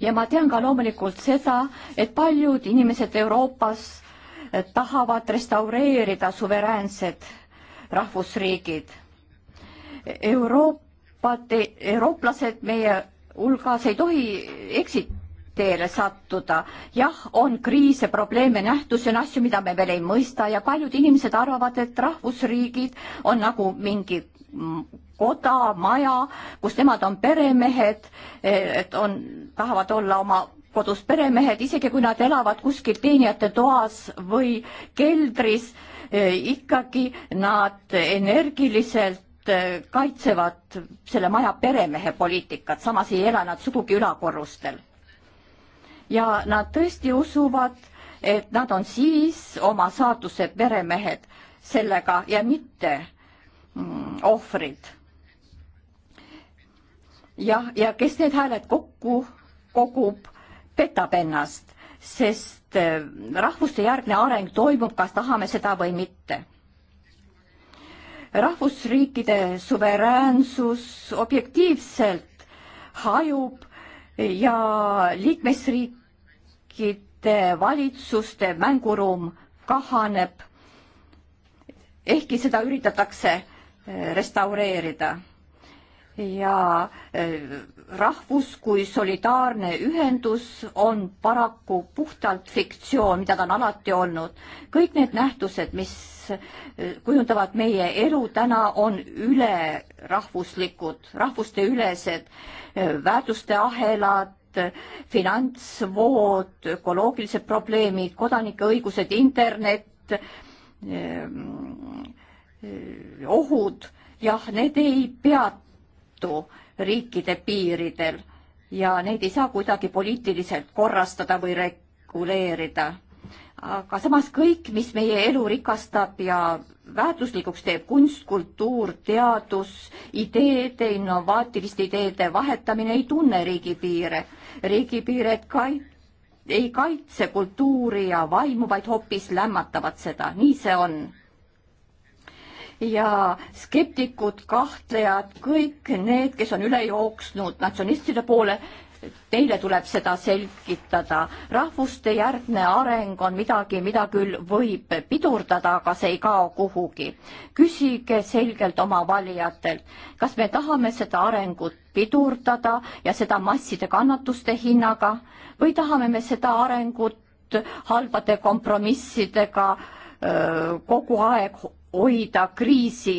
ja ma tean ka loomulikult seda, et paljud inimesed Euroopas eh, tahavad restaureerida suveräänsed rahvusriigid. Euroopat, eurooplased, meie hulgas ei tohi eksiteele sattuda. jah, on kriise, probleeme, nähtusi, on asju, mida me veel ei mõista ja paljud inimesed arvavad, et rahvusriigid on nagu mingi koda, maja, kus nemad on peremehed, et on, tahavad olla oma kodus peremehed, isegi kui nad elavad kuskil teenijate toas või keldris, ikkagi nad energiliselt Eh, kaitsevad selle maja peremehe poliitikat, samas ei ela nad sugugi ülakorrustel. ja nad tõesti usuvad, et nad on siis oma saatuse peremehed sellega ja mitte mm, ohvrid. jah, ja kes need hääled kokku kogub, petab ennast, sest eh, rahvuste järgne areng toimub, kas tahame seda või mitte rahvusriikide suveräänsus objektiivselt hajub ja liikmesriikide valitsuste mänguruum kahaneb, ehkki seda üritatakse eh, restaureerida ja eh, rahvus kui solidaarne ühendus on paraku puhtalt fiktsioon, mida ta on alati olnud. kõik need nähtused, mis eh, kujundavad meie elu täna, on ülerahvuslikud, rahvusteülesed, eh, väärtuste ahelad, finantsvood, ökoloogilised probleemid, kodanike õigused, internet, eh, ohud, jah, need ei peatu Liitu riikide piiridel ja neid ei saa kuidagi poliitiliselt korrastada või reguleerida. aga samas kõik, mis meie elu rikastab ja väärtuslikuks teeb, kunst, kultuur, teadus, ideede, innovaatiliste ideede vahetamine ei tunne riigipiire. riigipiired ka ei, ei kaitse kultuuri ja vaimu, vaid hoopis lämmatavad seda, nii see on ja skeptikud, kahtlejad, kõik need, kes on üle jooksnud natsionistide poole, teile tuleb seda selgitada. rahvuste järgne areng on midagi, mida küll võib pidurdada, aga see ei kao kuhugi. küsige selgelt oma valijatelt, kas me tahame seda arengut pidurdada ja seda masside kannatuste hinnaga või tahame me seda arengut halbade kompromissidega öö, kogu aeg hoida kriisi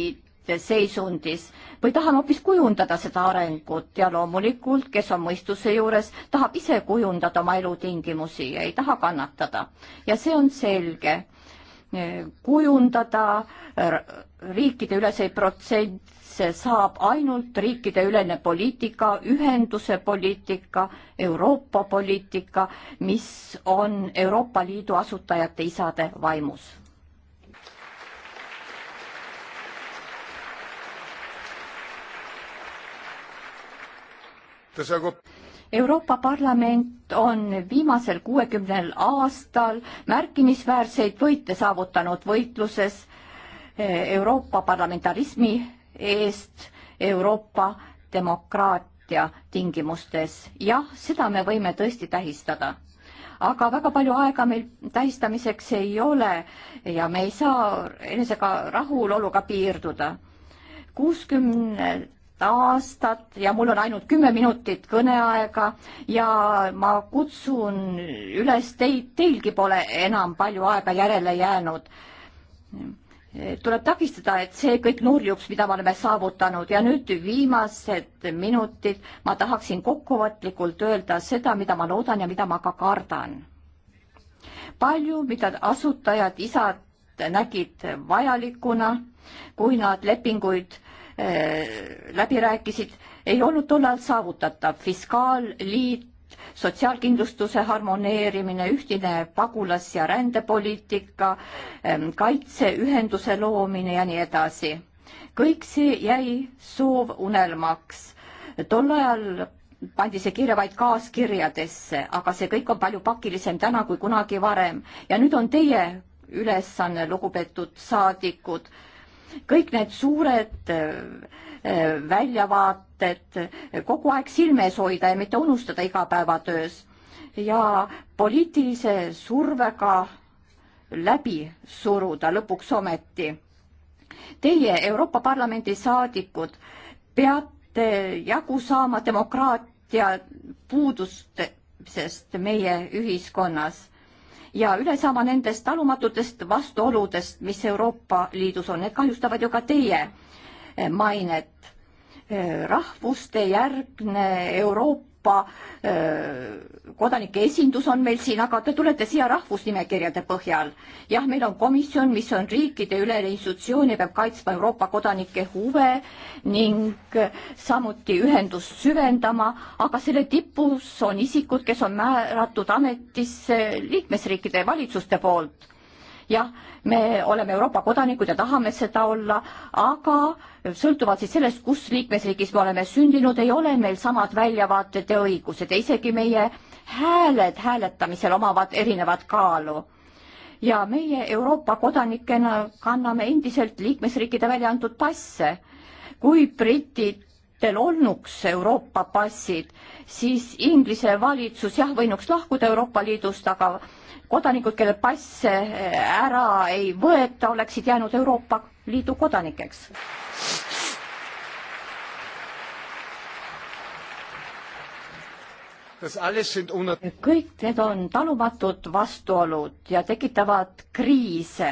seisundis või tahame hoopis kujundada seda arengut ja loomulikult, kes on mõistuse juures, tahab ise kujundada oma elutingimusi ja ei taha kannatada. ja see on selge. kujundada riikideüleseid protsesse saab ainult riikideülene poliitika, ühenduse poliitika, Euroopa poliitika, mis on Euroopa Liidu asutajate isade vaimus Nagu Euroopa Parlament on viimasel kuuekümnel aastal märkimisväärseid võite saavutanud võitluses eh, Euroopa parlamentarismi eest Euroopa demokraatia tingimustes. jah, seda me võime tõesti tähistada. aga väga palju aega meil tähistamiseks ei ole ja me ei saa enesega rahuloluga piirduda. kuuskümne aastat ja mul on ainult kümme minutit kõneaega ja ma kutsun üles teid, teilgi pole enam palju aega järele jäänud. tuleb takistada, et see kõik nurjuks, mida me oleme saavutanud ja nüüd viimased minutid ma tahaksin kokkuvõtlikult öelda seda, mida ma loodan ja mida ma ka kardan. palju, mida asutajad, isad nägid vajalikuna, kui nad lepinguid äh, Äh, läbi rääkisid, ei olnud tollal saavutatav. fiskaalliit, sotsiaalkindlustuse harmoneerimine, ühtine pagulas- ja rändepoliitika, ähm, kaitseühenduse loomine ja nii edasi. kõik see jäi soovunelmaks. tol ajal pandi see kirja vaid kaaskirjadesse, aga see kõik on palju pakilisem täna kui kunagi varem ja nüüd on teie ülesanne, lugupeetud saadikud kõik need suured äh, äh, väljavaated äh, kogu aeg silmes hoida ja mitte unustada igapäevatöös ja poliitilise survega läbi suruda lõpuks ometi. Teie, Euroopa Parlamendi saadikud, peate jagu saama demokraatia puudustest meie ühiskonnas ja üle saama nendest talumatutest vastuoludest, mis Euroopa Liidus on, need kahjustavad ju ka teie mainet Äh, rahvuste järgne Euroopa äh, kodanike esindus on meil siin, aga te tulete siia rahvusnimekirjade põhjal. jah, meil on komisjon, mis on riikideülene institutsioon ja peab kaitsma Euroopa kodanike huve ning äh, samuti ühendust süvendama, aga selle tipus on isikud, kes on määratud ametisse liikmesriikide valitsuste poolt jah, me oleme Euroopa kodanikud ja tahame seda olla, aga sõltuvalt siis sellest, kus liikmesriigis me oleme sündinud, ei ole meil samad väljavaated ja õigused ja isegi meie hääled hääletamisel omavad erinevat kaalu. ja meie Euroopa kodanikena kanname endiselt liikmesriikide välja antud passe. kui britid lastel olnuks Euroopa passid, siis Inglise valitsus jah, võinuks lahkuda Euroopa Liidust, aga kodanikud, kelle passe äh, ära ei võeta, oleksid jäänud Euroopa Liidu kodanikeks. kõik need on talumatud vastuolud ja tekitavad kriise,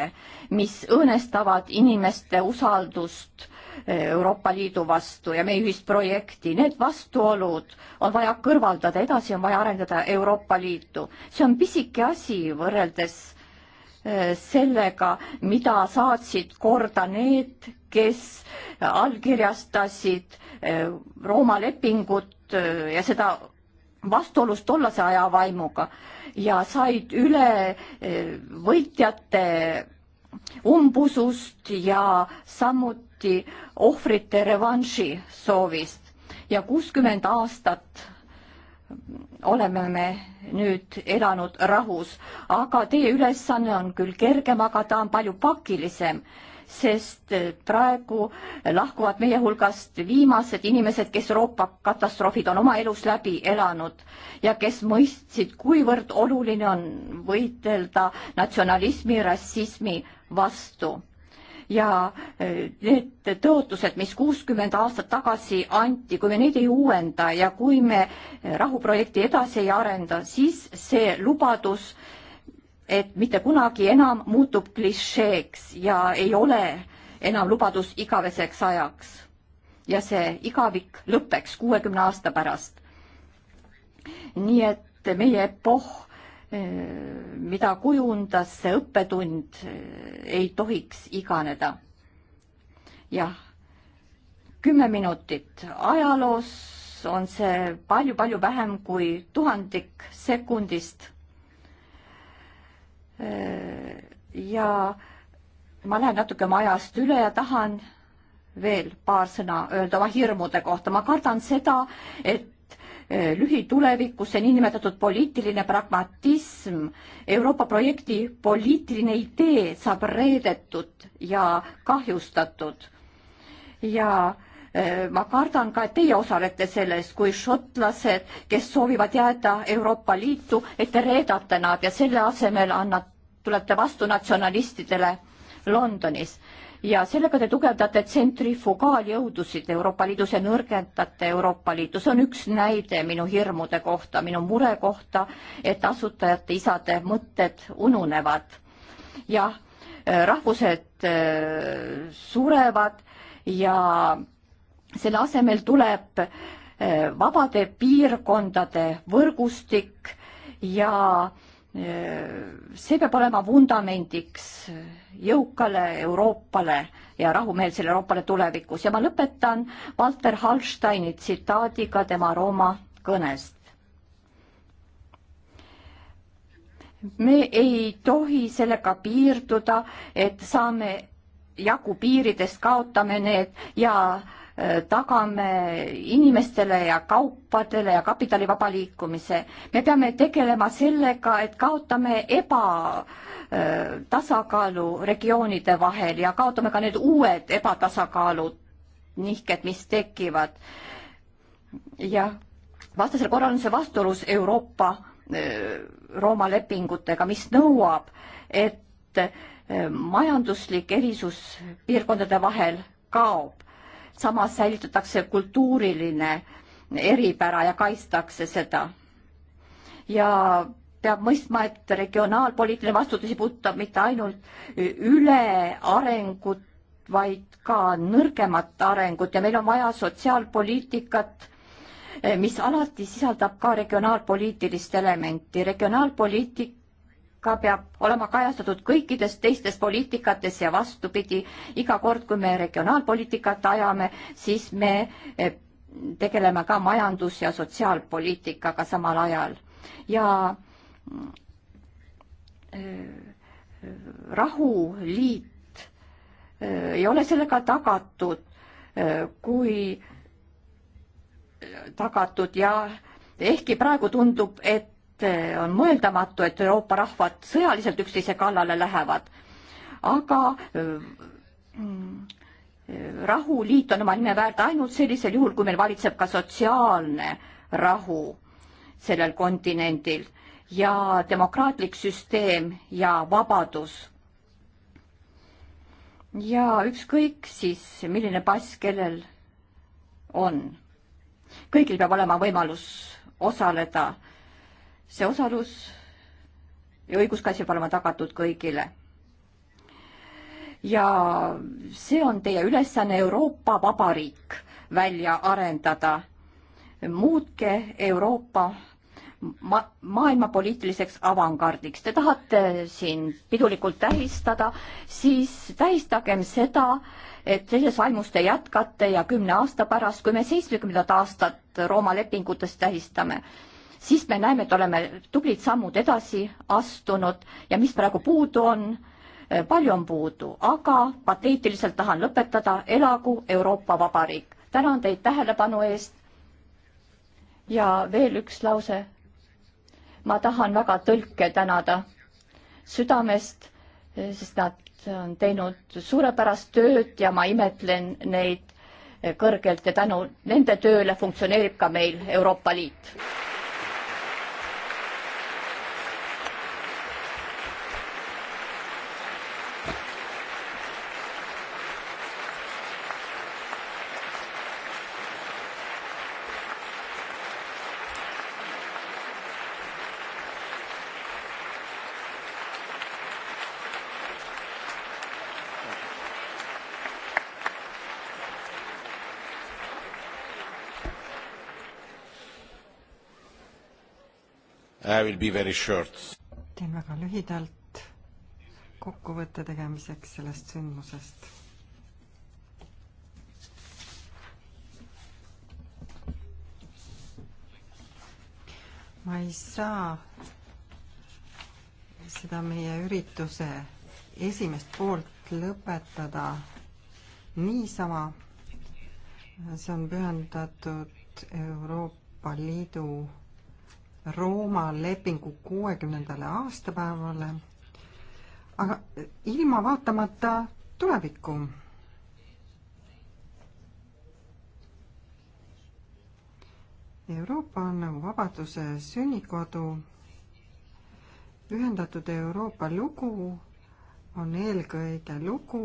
mis õõnestavad inimeste usaldust äh, Euroopa Liidu vastu ja meie ühist projekti. Need vastuolud on vaja kõrvaldada, edasi on vaja arendada Euroopa Liitu. see on pisike asi võrreldes eh, sellega, mida saatsid korda need, kes allkirjastasid eh, Rooma lepingut eh, ja seda vastuolus tollase aja vaimuga ja said üle võitjate umbusust ja samuti samuti ohvrite revanši soovist ja kuuskümmend aastat oleme me nüüd elanud rahus, aga teie ülesanne on küll kergem, aga ta on palju pakilisem, sest praegu lahkuvad meie hulgast viimased inimesed, kes Euroopa katastroofid on oma elus läbi elanud ja kes mõistsid, kuivõrd oluline on võidelda natsionalismi, rassismi vastu ja e, need tõotused, mis kuuskümmend aastat tagasi anti, kui me neid ei uuenda ja kui me e, rahuprojekti edasi ei arenda, siis see lubadus, et mitte kunagi enam muutub klišeeks ja ei ole enam lubadus igaveseks ajaks. ja see igavik lõpeks kuuekümne aasta pärast. nii et meie epohh mida kujundas see õppetund, ei tohiks iganeda. jah, kümme minutit. ajaloos on see palju-palju vähem kui tuhandik sekundist. ja ma lähen natuke oma ajast üle ja tahan veel paar sõna öelda oma hirmude kohta. ma kardan seda, et Eh, lühitulevikus, see niinimetatud poliitiline pragmatism, Euroopa projekti poliitiline idee saab reedetud ja kahjustatud. ja eh, ma kardan ka, et teie osalete selles, kui šotlased, kes soovivad jääda Euroopa Liitu, et te reedate nad ja selle asemel annate, tulete vastu natsionalistidele Londonis ja sellega te tugevdate tsentrifugaaljõudusid Euroopa Liidus ja nõrgendate Euroopa Liitu. see on üks näide minu hirmude kohta, minu mure kohta, et asutajate isade mõtted ununevad. jah, äh, rahvused äh, surevad ja selle asemel tuleb äh, vabade piirkondade võrgustik ja äh, Äh, see peab olema vundamendiks jõukale Euroopale ja rahumeelsele Euroopale tulevikus ja ma lõpetan Walter Hallsteini tsitaadiga tema Rooma kõnest. me ei tohi sellega piirduda, et saame jagu piiridest, kaotame need ja äh, tagame inimestele ja kaupadele ja kapitali vaba liikumise. me peame tegelema sellega, et kaotame ebatasakaalu äh, regioonide vahel ja kaotame ka need uued ebatasakaalud, nihked, mis tekivad. jah, vastasel korral on see vastuolus Euroopa äh, Rooma lepingutega, mis nõuab, et äh, majanduslik erisus piirkondade vahel kaob samas säilitatakse kultuuriline eripära ja kaitstakse seda. ja peab mõistma, et regionaalpoliitiline vastutus ei puuduta mitte ainult ülearengut, vaid ka nõrgemat arengut ja meil on vaja sotsiaalpoliitikat, mis alati sisaldab ka regionaalpoliitilist elementi. regionaalpoliitik ka peab olema kajastatud kõikides teistes poliitikates ja vastupidi, iga kord, kui me regionaalpoliitikat ajame, siis me eh, tegeleme ka majandus- ja sotsiaalpoliitikaga samal ajal ja mm, eh, rahuliit eh, ei ole sellega tagatud, kui tagatud ja ehkki praegu tundub, et Eh, on mõeldamatu, et Euroopa rahvad sõjaliselt üksteise kallale lähevad. aga eh, mm, rahuliit on oma nime väärt ainult sellisel juhul, kui meil valitseb ka sotsiaalne rahu sellel kontinendil ja demokraatlik süsteem ja vabadus. ja ükskõik siis, milline pass kellel on. kõigil peab olema võimalus osaleda see osalus ja õiguskaitse peab olema tagatud kõigile. ja see on teie ülesanne Euroopa Vabariik välja arendada. muutke Euroopa ma-, maailma poliitiliseks avangardiks. Te tahate siin pidulikult tähistada, siis tähistagem seda, et selles vaimus te jätkate ja kümne aasta pärast, kui me seitsmekümnendat aastat Rooma lepingutest tähistame, siis me näeme, et oleme tublid sammud edasi astunud ja mis praegu puudu on, palju on puudu, aga pateetiliselt tahan lõpetada, elagu Euroopa Vabariik. tänan teid tähelepanu eest. ja veel üks lause. ma tahan väga tõlke tänada südamest, sest nad on teinud suurepärast tööd ja ma imetlen neid kõrgelt ja tänu nende tööle funktsioneerib ka meil Euroopa Liit. I will be very short. teen väga lühidalt kokkuvõtte tegemiseks sellest sündmusest. ma ei saa seda meie ürituse esimest poolt lõpetada niisama. see on pühendatud Euroopa Liidu Rooma lepingu kuuekümnendale aastapäevale, aga ilma vaatamata tulevikku. Euroopa on nagu vabaduse sünnikodu. ühendatud Euroopa lugu on eelkõige lugu,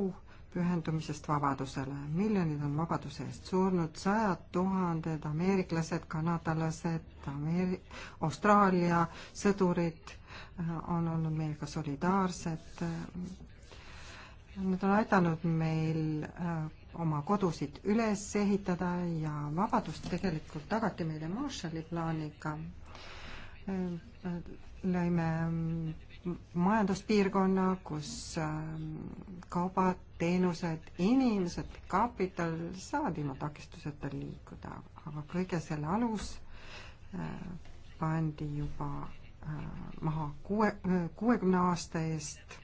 pühendumisest vabadusele. miljonid on vabaduse eest surnud, sajad tuhanded ameeriklased, kanadalased, Ameeri-, Austraalia sõdurid äh, on olnud meiega solidaarsed. Nad on aidanud meil äh, oma kodusid üles ehitada ja vabadust tegelikult tagati meile Marshalli plaaniga. Äh, lõime mm, majanduspiirkonna, kus ähm, kaubad, teenused, inimesed, kapital saavad ilma takistuseta liikuda, aga kõige selle alus äh, pandi juba äh, maha kuue, äh, kuuekümne aasta eest.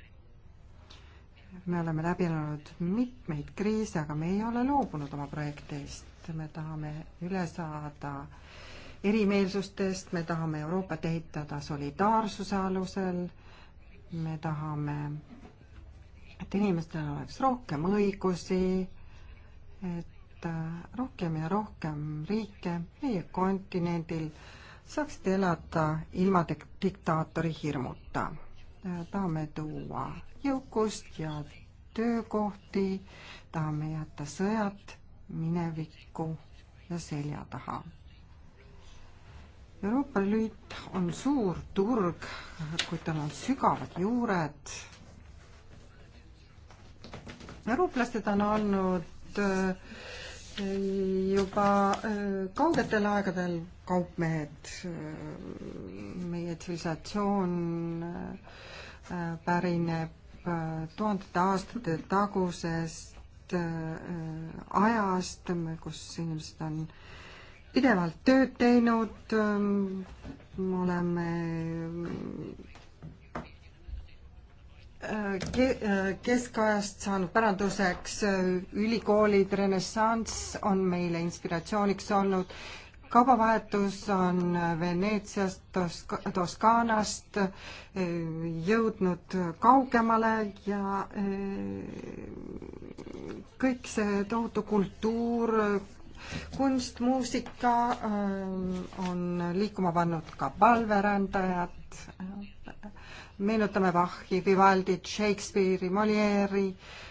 me oleme läbi elanud mitmeid kriise, aga me ei ole loobunud oma projektist, me tahame üle saada erimeelsustest, me tahame Euroopat ehitada solidaarsuse alusel me tahame, et inimestel oleks rohkem õigusi, et äh, rohkem ja rohkem riike meie kontinendil saaksid elada ilma diktaatori hirmuta. Äh, tahame tuua jõukust ja töökohti, tahame jätta sõjad minevikku ja selja taha Euroopa Liit on suur turg, kuid tal on sügavad juured. eurooplased on olnud äh, juba äh, kaugetel aegadel kaupmehed. meie tsivilisatsioon äh, pärineb tuhandete aastate tagusest ajast, kus inimesed on pidevalt tööd teinud, ähm, oleme äh, äh, keskajast saanud päranduseks äh, ülikoolid, renessanss on meile inspiratsiooniks olnud, kaubavahetus on Veneetsiast, Toska-, Toskaanast jõudnud kaugemale ja kõik see tohutu kultuur, kunst, muusika äh, on liikuma pannud ka palverändajad, meenutame Bachi, Vivaldit, Shakespeare'i, Molieri äh,,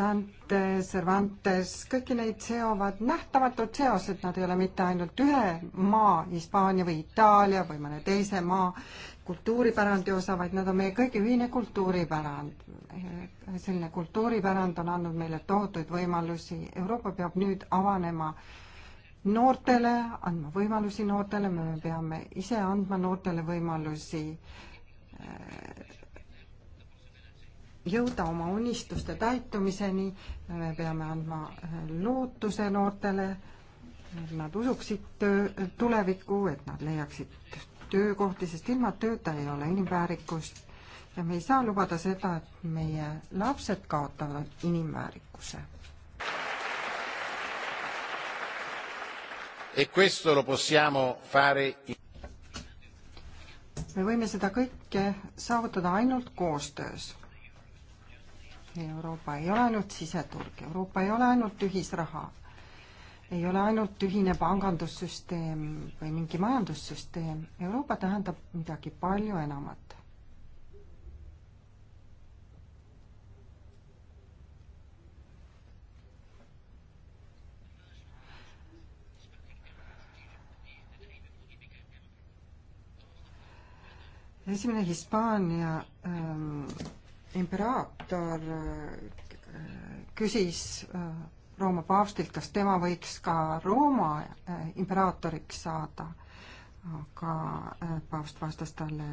Dante, Cervantes, kõiki neid seovad nähtamatud seosed, nad ei ole mitte ainult ühe maa, Hispaania või Itaalia või mõne teise maa kultuuripärandi osa, vaid nad on meie kõigi ühine kultuuripärand. selline kultuuripärand on andnud meile tohutuid võimalusi, Euroopa peab nüüd avanema noortele, andma võimalusi noortele, me peame ise andma noortele võimalusi jõuda oma unistuste täitumiseni, me peame andma äh, lootuse noortele, et nad usuksid töö, tulevikku, et nad leiaksid töökohti, sest ilma tööta ei ole inimväärikust ja me ei saa lubada seda, et meie lapsed kaotavad inimväärikuse. E me võime seda kõike saavutada ainult koostöös Euroopa ei ole ainult siseturg, Euroopa ei ole ainult ühisraha, ei ole ainult ühine pangandussüsteem või mingi majandussüsteem, Euroopa tähendab midagi palju enamat. esimene Hispaania ähm, imperaator äh, küsis äh, Rooma paavstilt, kas tema võiks ka Rooma äh, imperaatoriks saada, aga paavst vastas talle,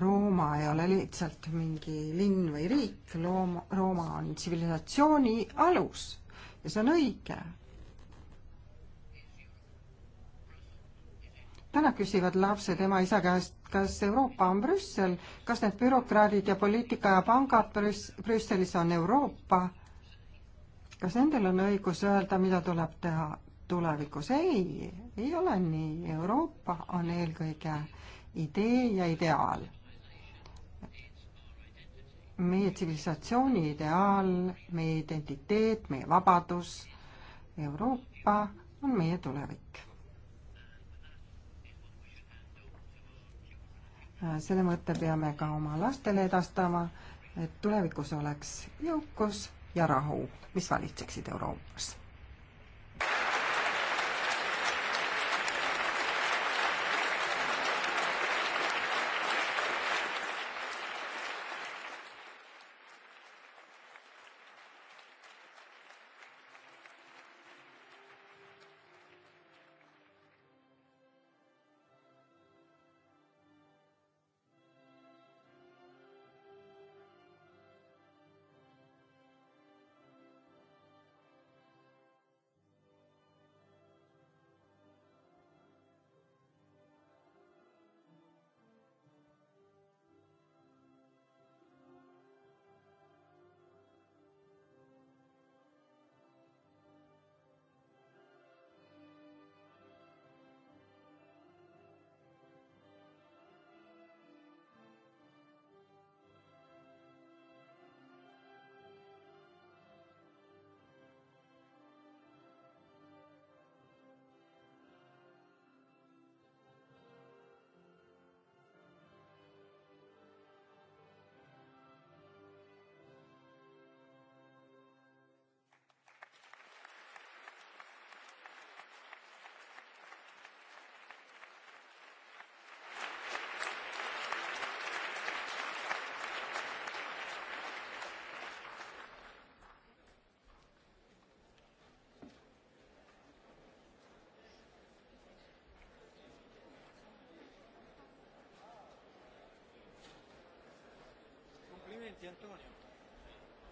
Rooma ei ole lihtsalt mingi linn või riik, Looma, Rooma on tsivilisatsiooni alus ja see on õige. täna küsivad lapsed ema-isa käest, kas Euroopa on Brüssel, kas need bürokraadid ja poliitika ja pangad Brüss-, Brüsselis on Euroopa, kas nendel on õigus öelda, mida tuleb teha tulevikus? ei, ei ole nii, Euroopa on eelkõige idee ja ideaal meie tsivilisatsiooni ideaal, meie identiteet, meie vabadus, Euroopa on meie tulevik Äh, selle mõtte peame ka oma lastele edastama, et tulevikus oleks jõukus ja rahu, mis valitseksid Euroopas di Antonio.